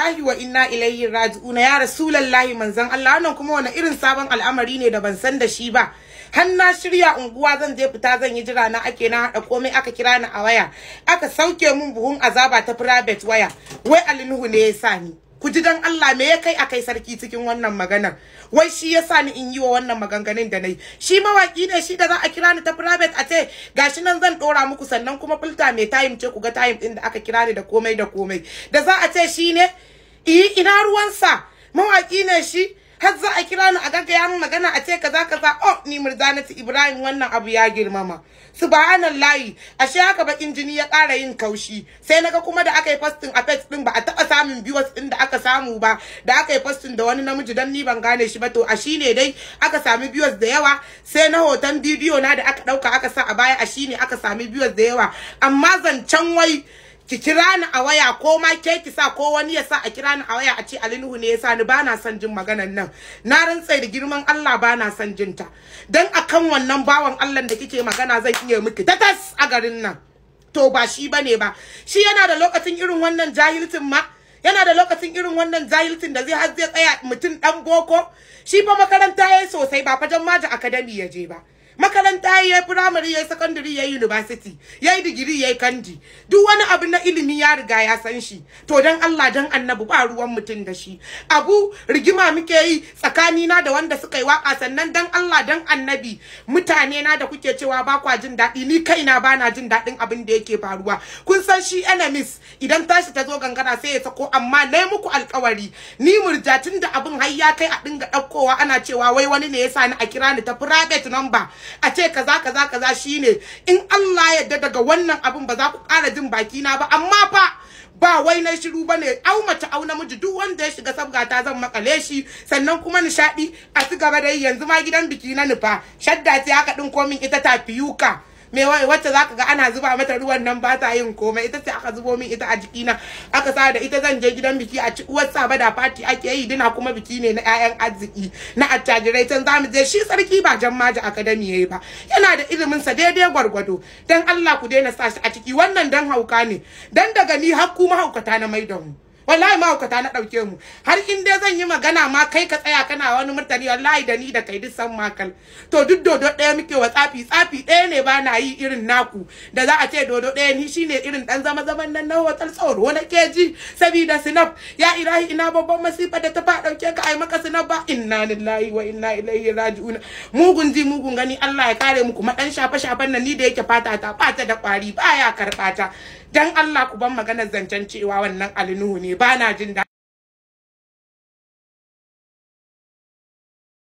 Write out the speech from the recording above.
lillahi wa inna ilaihi raji'un ya rasulullahi manzon Allah wannan kuma wani irin sabon al'amari ne da ban san da shi ba har na shirya unguwa zan je fita zan yi jira na ake na haɗa komai aka kira ni a waya aka sauke mun buhun azaba ta private waya wai alinuhu ne ya sa ni ku ji dan Allah me ya kai akai sarki cikin wannan maganar wai shi yasa ni in yi wa wannan maganganun da nayi shi mawaki ne shi da za a kira ni ta private a ce gashi nan zan dora muku sannan kuma filta mai time ce ku ga time din da aka kira ni da komai da komai da za a ce shi ne ina ruwansa mawaki ne shi har za a kira ni a gaggaya min magana a ce kaza kaza oh ni Murzanatu Ibrahim wannan abu ya girmama subhanallahi ashe haka bakin jini ya ƙara yin kaushi sai naga kuma da aka yi fasting a page din ba a taba samun viewers din da aka samu ba da aka yi fasting da wani namiji dan ni ban gane shi ba to a shine dai aka sami viewers da yawa sai na hoton bidiyo na da aka dauka aka sa a baya a shine aka sami viewers da yawa amma zancen wai ki kira ni a waya ko ma ke ki sa ko wani ya sa a kira ni a waya a ce alinuhu ne ya sa ni bana son jin maganan nan na rantsa da girman Allah bana son jin ta dan akan wannan bawan Allah da kike magana zan iya miki tatas a garin nan to ba shi bane ba shi yana da lokacin irin wannan jahiltin ma yana da lokacin irin wannan jahilcin da zai har zai tsaya mutum dan boko shi fa makaranta yayi sosai ba fajan maji academy ya je ba makaranta ya yi primary ya yi secondary ya yi university ya yi digiri ya yi kandi duk wani abu na ilimi ya riga ya san shi to dan Allah dan annabi ba ruwan mutum da shi abu rigima muke yi tsakani na da wanda suka yi waka sannan dan Allah dan annabi mutane na da kuke cewa ba kwa jin daɗi ni kaina ba na jin daɗin abin da yake faruwa kun san shi enemies idan tashi ta zo gangara sai ya sako amma na muku alkawari ni murjatin da abin har ya kai a dinga ɗaukowa ana cewa wai wani ne ya sa ni a kira ni ta private number a ce kaza kaza kaza shine in Allah ya yarda daga wannan abin ba za ku ƙara jin baki na ba amma fa ba wai na shiru bane au mace au namiji duk wanda ya shiga sabga ta zan makale shi sannan kuma nishadi a ci gaba da yanzu ma gidan biki na nufa shadda ya ka din komin ita ta fiyuka. me wai wacce zaka ga ana zuba mata ruwan nan ba ta yin komai ita ce aka zubo min ita a jikina aka sa da ita zan je gidan biki a ci uwar saba da fati ake yi dina kuma biki ne na ƴaƴan arziki na attajirai can zamu je shi sarki ba jan maji academy yayi ba yana da ilimin sa daidai gwargwado dan Allah ku daina sa shi a ciki wannan dan hauka ne dan daga ni har kuma haukata na maidan mu wallahi ma hukata na ɗauke mu har in dai zan yi magana ma kai ka tsaya kana wani murtani wallahi da ni da kai duk san makal to duk dodo daya muke wa tsafi tsafi ɗaya ne ba na yi irin naku da za a ce dodo ɗaya ni shine irin dan zama zaman nan na hotel tsoro na keji sabida sinaf ya ilahi ina babban masifa da ta fa ɗauke a yi maka ba inna lillahi wa inna ilaihi raji'un mugun ji mugun gani Allah ya kare mu kuma dan shafe shafen nan ni da yake fata ta bata da kwari baya karɓata dan Allah ku ban maganar zancen cewa wannan nuhu ne bana jin